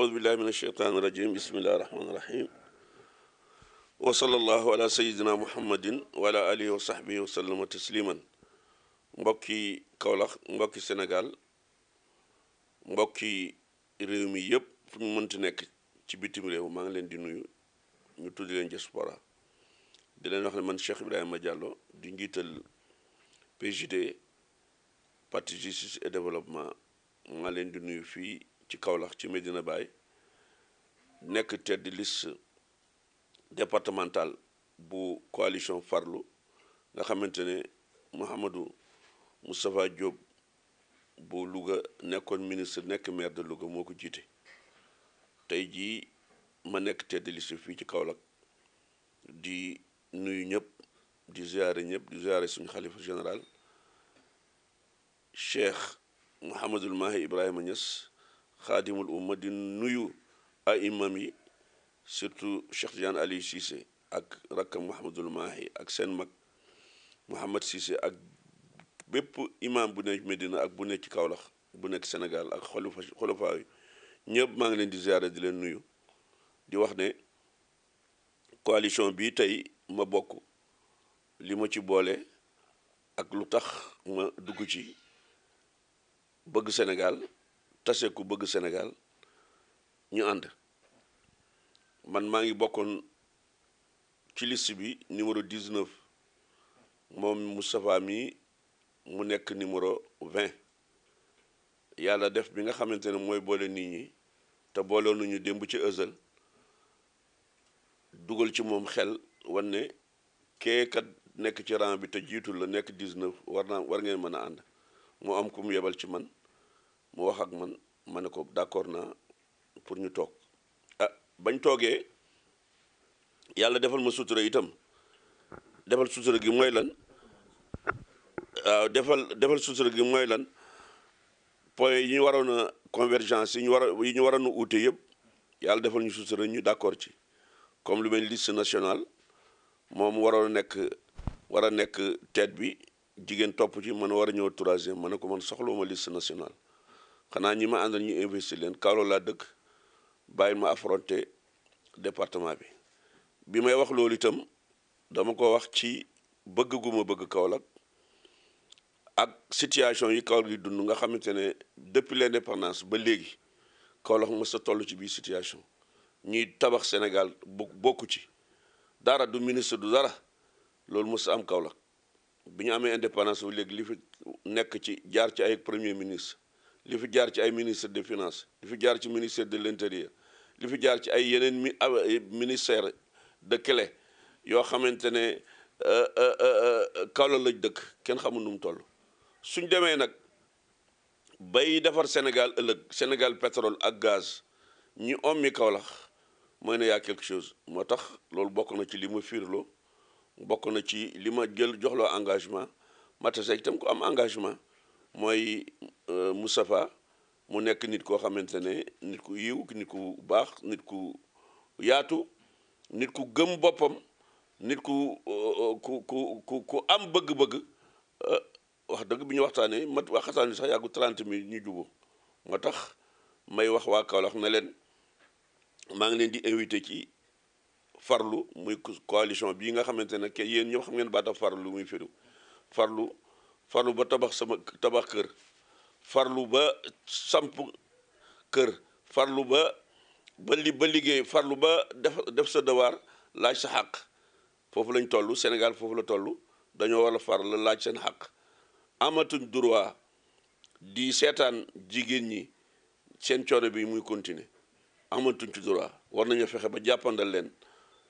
أعوذ بالله من الشيطان الرجيم بسم الله الرحمن الرحيم وصلى الله على سيدنا محمد وعلى آله وصحبه وسلم تسليما mbokki Kaolack mbokki Sénégal mbokki réew mi yëpp fu ñu mënti nekk ci bitim réew maa ngi leen di nuyu ñu tuddi leen diaspora di leen man ne man Cheikh Ibrahima di njiital PJD parti justice et développement ma leen di nuyu fii ci Kaolack ci Medina Baye nekk tête de liste bu coalition Farlu nga xamante ne Mouhamadou Moustapha Diop bu Louga nekkoon ministre nekk maire de Louga moo ko jiite tey jii ma nekk tête de liste fii ci Kaolack di nuyu ñëpp di ziare ñëpp di ziare suñu xalifa général Cheikh Mouhamadul Mahi Ibrahima Niass xaadimul umma di nuyu ay imam yi surtout Cheikh Tidiane Aliou Cissé ak rakkam Mouhamadul Mahi ak seen mag Mouhamad Cissé ak bépp imam bu nekk Medina ak bu nekk ci Kaolack bu nekk senegal ak xolofa xolofaa ñëpp maa ngi leen di ziare di leen nuyu di wax ne coalition bi tey ma bokk li ma ci boole ak lu tax ma dugg ci bëgg senegal tase ku bëgg senegal ñu ànd man maa ngi bokkoon ci liste bi numéro 19 moom Moustapha mi mu nekk numéro 20 yàlla def bi nga xamante ne mooy boole nit ñi te booloo nañu démb ci Ezel dugal ci moom xel wanne ne nekk ci rang bi te jiitu la nekk 19 war naa war ngeen mën a ànd moo am ku mu yebal ci man. mu wax man ma ne ko d'accord naa pour ñu toog ah bañ toogee yàlla defal ma sutura itam defal sutura gi mooy lan waaw ah, defal defal sutura gi mooy lan point yi ñu waroon a convergence yi ñu war yi ñu waroon a uute yëpp yàlla defal ñu sutura ñu d'accord ci comme lu mel liste nationale moom waroon a nekk war a nekk tête bi jigéen topp ci man war a ñëw troisième ma ne ko man soxlawuma liste national xanaa ñi ma àndal ñu investir leen Kaolack laa dëkk bàyyi ma affronter département bi bi may wax loolu itam dama ko wax ci bëgg gu ma bëgg Kaolack ak situation yi Kaolack yi dund nga xamante ne depuis l'indépendance ba léegi Kaolack mës sa toll ci biir situation ñuy tabax Sénégal bokku ci dara du ministre du dara loolu mës a am Kaolack bi ñu amee indépendance ba léegi li fi nekk ci jaar ci ay premier ministre li fi jaar ci ay ministre des finance li fi jaar ci ministère de l'intérieur li fi jaar ci ay yeneen mi ah, ministère de clé yoo xamante ne euh, euh, euh, Kaolack lañ dëkk kenn xamul nu mu toll suñ demee nag bay defar Sénégal ëllëg Sénégal pétrole ak gaz ñi ommi Kaolack mooy ne yaa quelque chose moo tax loolu bokk na ci li ma fiirloo bokk na ci li ma jël joxloo engagement ma tase ko am engagement mooy euh, Moustapha mu nekk nit koo xamante ne nit ku yiw nit ku baax nit ku yaatu nit ku gëm boppam nit ku euh, ku ku am bëgg-bëgg euh, wax dëgg bi ñu waxtaanee mat waxtaan bi sax yàggu 30 mille ñu jubóo moo tax may wax waa Kaolack ne leen maa ngi leen di invité ci farlu muy coalition bii nga xamante ne ke yéen ñëpp xam ngeen baata farlu muy firu farlu farlu ba tabax sama tabax kër farlu ba samp kër farlu ba ba liggéey farlu ba def def sa devoir laaj sa xàq foofu lañ toll Sénégal foofu la toll dañoo war a la laaj seen xàq amatuñ droit di seetaan jigéen ñi seen coono bi muy continuer amatuñ ci droit war nañu fexe ba jàppandal leen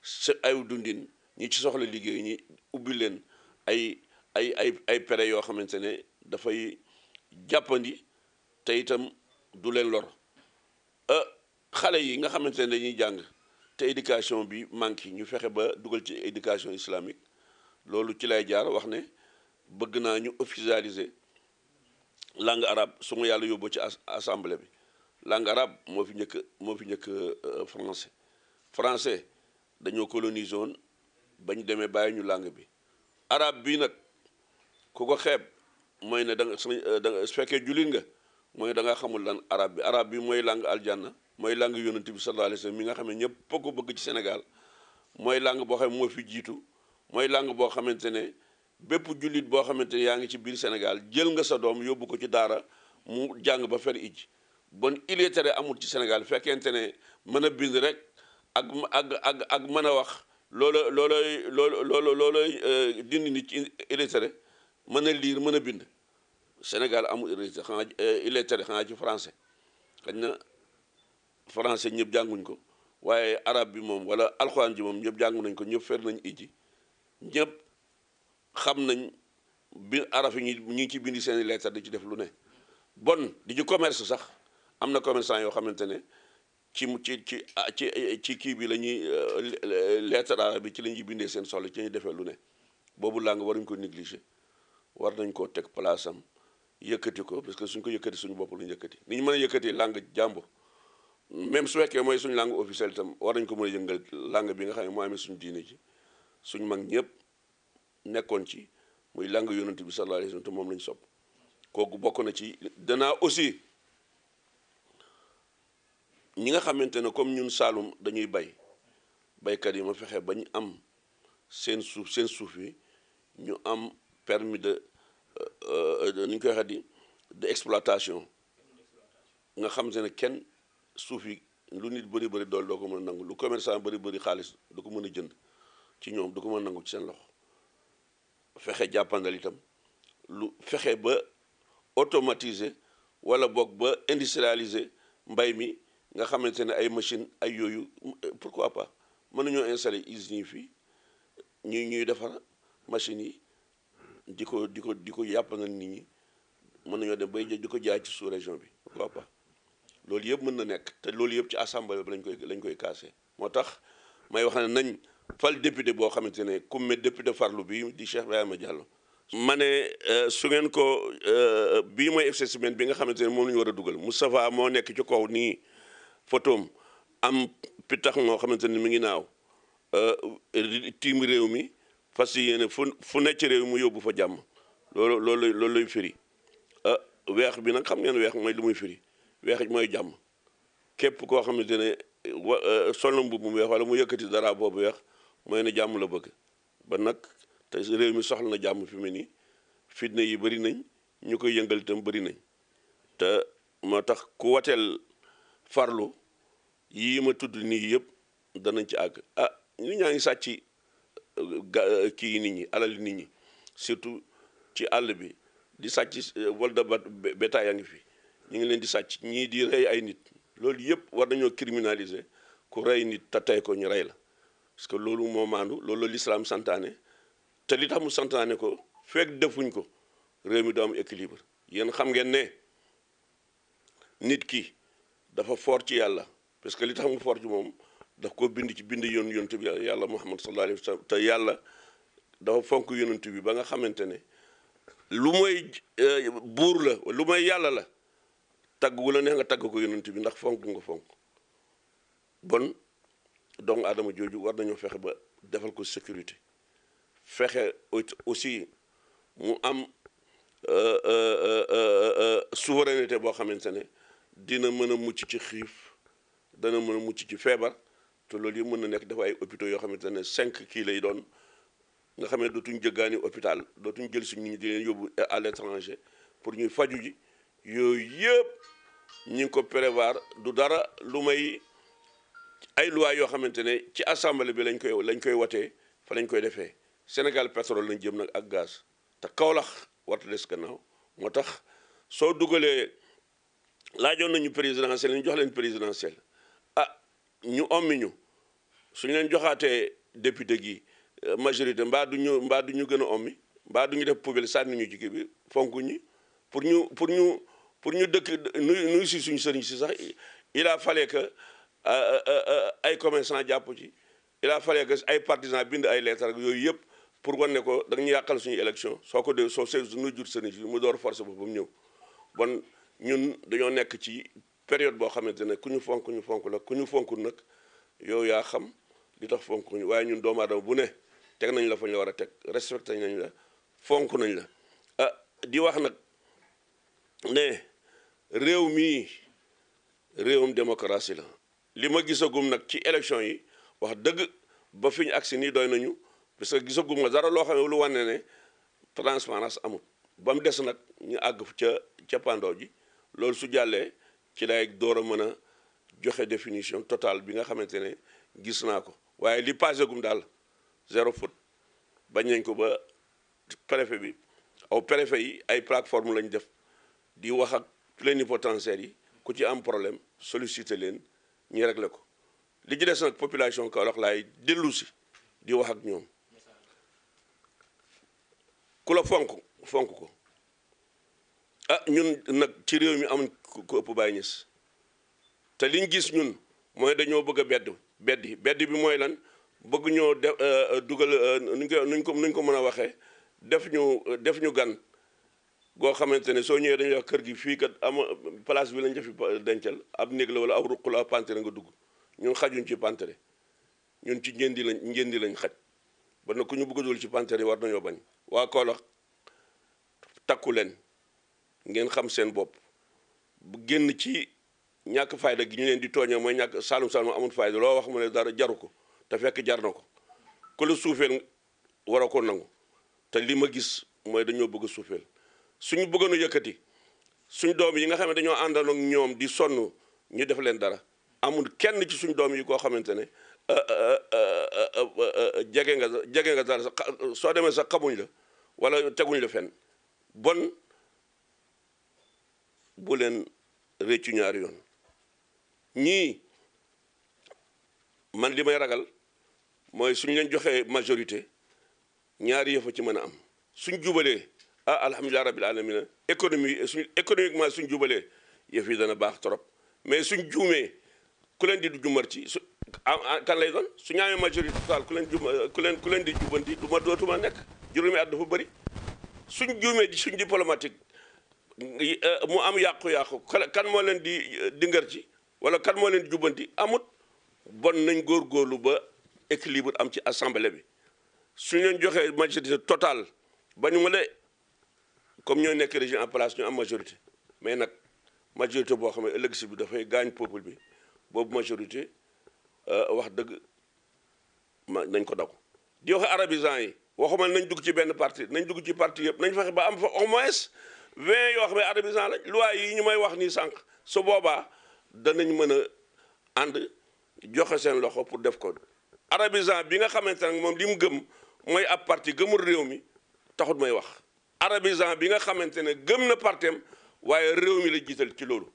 sa ay dundin ñi ci soxla liggéey ñi ubbi leen ay ay ay ay pere yoo xamante ne dafay jàppandi te itam du leen lor euh, xale yi nga xamante ne dañuy jàng te éducation bi manqué ñu fexe ba dugal ci éducation islamique loolu ci lay jaar wax ne bëgg naa ñu officialiser langue arabe su ma yàlla yóbboo ci assemblée bi langue arabe moo fi njëkk moo fi njëkk euh, français français dañoo coloniser woon ba demee bàyyi ñu langue bi arabe bi nag ku ko xeeb mooy ne da eh, su fekkee jullit nga mooy da nga xamul lan arab bi arab bi mooy langue aljanna mooy langue yonent bi sallallahu alayhi mi nga xam ne ñëpp ko bëgg ci senegal mooy langue boo xam moo fi jiitu mooy langue boo xamante ne bépp jullit boo xamante ne yaa ngi ci biir senegal jël nga sa doom yóbbu ko ci daara mu jàng ba fer ij bon illettré amul ci Sénégal fekkente ne mën a bind rek ak ak ak ak mën a wax loola loolooy lool loolo looloy euh, dindi nit ci illettré mën a liir mën a bind Sénégal amul université xanaa euh, illettré xanaa ci francais xañ na français ñëpp jànguñ ko waaye arab bi moom wala alxuraan ji moom ñëpp jàngu nañ ko ñëpp fer nañu iji ñëpp xam nañ bi arab yi ñu ngi ci bindi seen i lettre di ci def lu ne bon di commerce sax am na commerçant yoo xamante ne ci ci ci ah, ci ci kii bi la ñuy euh, lettre arabe bi ci la ñuy bindee seen soxla ci defee lu ne boobu laa nga waruñ ko négliger war nañ koo teg place am yëkkati ko parce que suñ ko yëkkati suñu bopp lu ñu yëkkati ni ñu mën a yëkkati langue jàmbur même su fekkee mooy suñu langue officielle itam war nañ ko mën a yëngal langue bi nga xam ne moo amee suñu diine ji suñu mag ñëpp nekkoon ci muy langue yonent bi sallallahu alayhi wa sallam te moom lañ sopp kooku bokk na ci danaa aussi ñi nga xamante ne comme ñun Saalum dañuy bay baykat yi ma fexe ba ñu am seen suuf seen suuf yi ñu am permis euh, euh, de nu ñu koy waxee di de exploitation nga xam se ne kenn suuf yi lu nit bëri bëri dool doo ko mën a nangu lu commerçant bëri bëri xaalis du ko mën a jënd ci ñoom du ko mën a nangu ci seen loxo fexe jàppandal itam lu fexe ba automatiser wala boog ba industrialiser mbay mi nga xamante ne ay machine ay yooyu pourquoi pas mën nañoo installer usines yi fii ñu ñuy defar machines yi di ko di ko di ko yàppanal nit ñi mën nañoo dem bay di ko jaay ci sous région bi pourquoi loolu yëpp mën na nekk te loolu yëpp ci assemblée bi lañ koy lañ koy kaase moo tax may wax ne nañ fal député boo xamante ne comme député farlu bi di Cheikh Ibrahima Diallo ma ne euh, su ngeen ko euh, bii mooy exercice bi nga xamante ne moom la war a dugal Moustapha moo nekk ci kaw nii photoom am pitax moo xamante ne mi ngi naaw euh, tiim réew mi fas yéene fu fu nekk ci réew mu yóbbu fa jàmm loolu loolu loolu lay firi ah, weex bi nag xam ngeen weex mooy lu muy firi weex mooy jàmm képp koo xamante ne wa ah, sol na mbubb mu weex wala mu yëkkati dara boobu weex mooy ne jàmm la bëgg ba nag te réew mi soxla na jàmm fi mu nii fitna yi bëri nañ ñu koy yëngal itam bëri nañ te moo tax ku wateel farlu yii ma tudd nii yëpp danañ ci àgg ah ñu ñaa ngi sàcc kii nit ñi alali nit ñi surtout ci àll bi di sàcc eh, vol de bétail a ngi fi ñu ngi leen di sàcc ñii di rey ay nit loolu yëpp war nañoo criminaliser ku rey nit te tey ko ñu rey la parce que loolu moo maandu loolu lislaam santaane te li tax mu santaane ko fekk defuñ ko réew mi doomu am équilibre yéen xam ngeen ne nit ki dafa foor ci yàlla parce que li tax mu foor ci moom daf ko bind ci bind yoon yonent bi yàlla muhammad sallallahu alayhi wa sallam te yàlla dafa fonk yonent bi ba nga xamante ne lu mooy eh, buur la lu mooy yàlla la tagg wu la neex nga tagg ko yonent bi ndax fonk nga fonk bon donc adama jooju war nañoo fexe ba defal ko sécurité fexe aussi mu am eh, eh, souveraineté boo xamante ne dina mën a mucc ci xiif dana mën a mucc ci feebar te loolu yi mën na nekk dafa ay hôpitaux yoo xamante ne cinq kii lay doon nga xam ne dootuñ jëggaani hôpital dootuñ jël suñ nit ñi di leen yóbbu à l'étranger pour ñuy faju ji yooyu yëpp ñu ngi ko prévoir du dara lu may ay loi yoo xamante ne ci assemblée bi lañ koy lañ koy watee fa lañ koy defee Sénégal pétrole lañ jëm nag ak gaz te kawlax warta des gannaaw moo tax soo dugalee laajoon nañu présidentielle ñu jox leen présidentielle ah ñu ommi suñ leen joxaatee député gi euh, majorité mbaa du ñu mbaa du ñu gën a ommi mbaa du ñu def poubelle sànni ñu jigée bi fonk ñi pour ñu pour ñu pour ñu dëkk nu nuy si suñu sëriñ si sax il a fallu que euh, euh, ay commerçant jàpp ci il a ay partisan bind ay lettre rek yooyu yëpp pour wane ko da ñu yàqal suñu élection soo ko dee soo see nu jur sëriñ si mu door force boppam ñëw bon ñun dañoo nekk ci période boo xamante ne ku ñu fonk ñu fonk la ku ñu fonkul nag yow yaa xam li tax fonk ñu waaye ñun doomu bu ne teg nañ la fa war a teg respecté nañ la fonk nañ la ah di wax nag ne réew mii réewum démocratie la li ma gisa gisagum nag ci élection yi wax dëgg ba fi ñu agsi nii doy nañu parce que gisagum nga dara loo xam ne lu wane ne transparence amul ba mu des nag ñu àgg ca ca ji loolu su jàllee ci lay door a mën a joxe définition totale bi nga xamante ne gis naa ko waaye li passé gum daal zéro faute bañ nañ ko ba préfet bi aw préfet yi ay plateforme lañ def di wax ak plénipotentiaires yi ku ci am problème solliciter leen ñu réglé ko li ci des nag population Kaolack laay dellu si di wax ak ñoom ku la fonk fonk ko ah ñun nag ci réew mi am ku ëpp Baye Niass te liñ gis ñun mooy dañoo bëgg a bedd beddi beddi bi mooy lan bëgg ñoo def euh, euh, dugal euh, nuñ ko nuñ ko nuñ ko mën a waxee def ñu def ñu gan goo xamante ne soo ñëwee dañuy wax kër gi fii kat ama place bi lañ def fi dencal ab néeg la wala aw ruq la ab pantere nga dugg ñun xajuñ ci pantere ñun ci njëndi lañ njëndi lañ xaj ba na ku ñu bëgg a dugal ci pantere yi war nañoo bañ waa Kaolack takku leen ngeen xam seen bopp bu génn ci ñàkk fayda gi ñu leen di tooñee mooy ñàkk saalum saalum amul fayda loo wax mu ne dara jaru ko te fekk jar ko ku la suufeel war a ko nangu te lii ma gis mooy dañoo bëgg a suufeel suñu bëggoon a yëkkati suñu doom yi nga xam dañoo àndal ak ñoom di sonn ñu def leen dara amul kenn ci suñu doom yi koo xamante ne ah, ah, ah, jege nga jege nga soo demee sax xamuñ la wala teguñ la fen bon bu leen réccu ñaari yoon ñii man li may ragal mooy suñ leen joxee majorité ñaari yëfa ci mën a am suñ jubalee ah alhamdulilah rabbil alamina économie suñ économiquement suñ jubalee yëf yi dana baax trop mais suñ juumee ku leen di du jumar ci su ah, ah, kan lay doon su ñaamee majorité totale ku leen ku leen ku leen di jubanti du ma dootuma nekk juróomi at dafa bëri suñ juumee suñ diplomatique eh, mu am yàqu-yàqu kan moo leen di eh, dingar ci wala kan moo leen jubbanti amut bon nañ góor góorgóorlu ba équilibre am ci assemblée bi su ñu leen joxee majorité total ba ñu ma le comme ñoo nekk régime en place ñu am majorité mais nag majorité boo xam ne ëllëg si bi dafay gaañ peuple bi boobu majorité euh, wax dëgg ma nañ ko daw di wax arabisants yi waxuma nañ dugg ci benn parti nañ dugg ci parti yëpp nañ fexe ba am fa au moins vingt yoo xam ne arabisants lañ loi yi ñu may wax nii sànq su boobaa danañ mën a ànd joxe seen loxo pour def ko arabisant bi nga xamante ne moom li mu gëm mooy ab parti gëmul réew mi taxut mooy wax arabisant bi nga xamante ne gëm na partem waaye réew mi la jiital ci loolu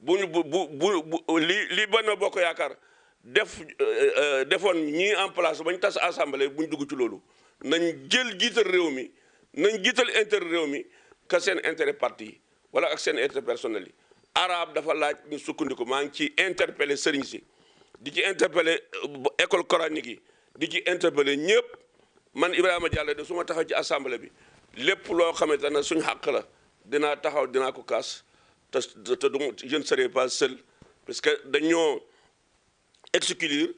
bu ñu bu bu bu li li Benno Bokk Yaakaar def euh, euh, defoon ñii en place ba ñu tas assemblée bu ñu dugg ci loolu nañ jël jiital réew mi nañ jiital inter réew mi que seen intérêt parti yi wala ak seen intérêt personnel yi araab dafa laaj ñu sukkandiku maa ngi ci interpellé sëriñ si di ci interpellé euh, école coranique yi di ci interpellé ñëpp man Ibrahima Diallo de su ma taxaw ci assemblée bi lépp loo xamante ne suñu xàq la dinaa taxaw dinaa ko kaas te te du je ne serai pas seul parce que dañoo exclure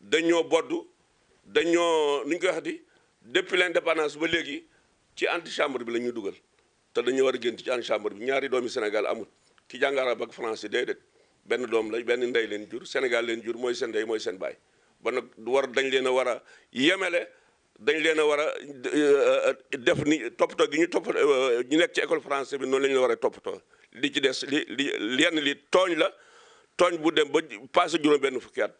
dañoo boddu dañoo nu ñu koy wax di depuis l'indépendance ba léegi ci antichambre bi la ñuy dugal te dañoo war a génn ci antichambre bi ñaari doomi Sénégal amul. ci jàng arab ak français déedéet benn doom la benn ndey leen jur Sénégal leen jur mooy seen ndey mooy seen baay ba nag war dañ leen a war a yemele dañ leen a war a euh, def ni toppatoo gi ñu topp euh, ñu nekk ci école français bi noonu la ñu war a toppatoo li ci des li li lenn li tooñ la tooñ bu dem ba passé juróom benn fukki at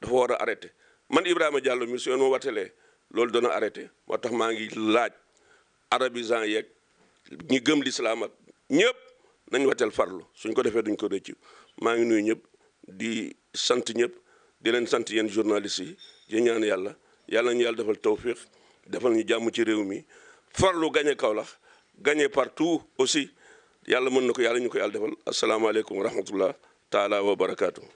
dafa war a arrêté man Ibrahima Diallo mi su ma watelee loolu dana arrêté moo tax maa ngi laaj arabisant yeeg ñi gëm l'islam ak ñëpp nañ wateel farlu suñ ko defee duñ ko rëccu maa ngi nuy ñëpp di sant ñëpp di leen sant yéen journalistes yi di ñaan yàlla yàlla ñu yàlla defal tawfiq defal ñu jàmm ci réew mi farlu gañe kawlax gañe partout aussi yàlla mën na ko yàlla ñu ko yàlla defal asalaamaaleykum wa rahmatullah taala wa barakaatu.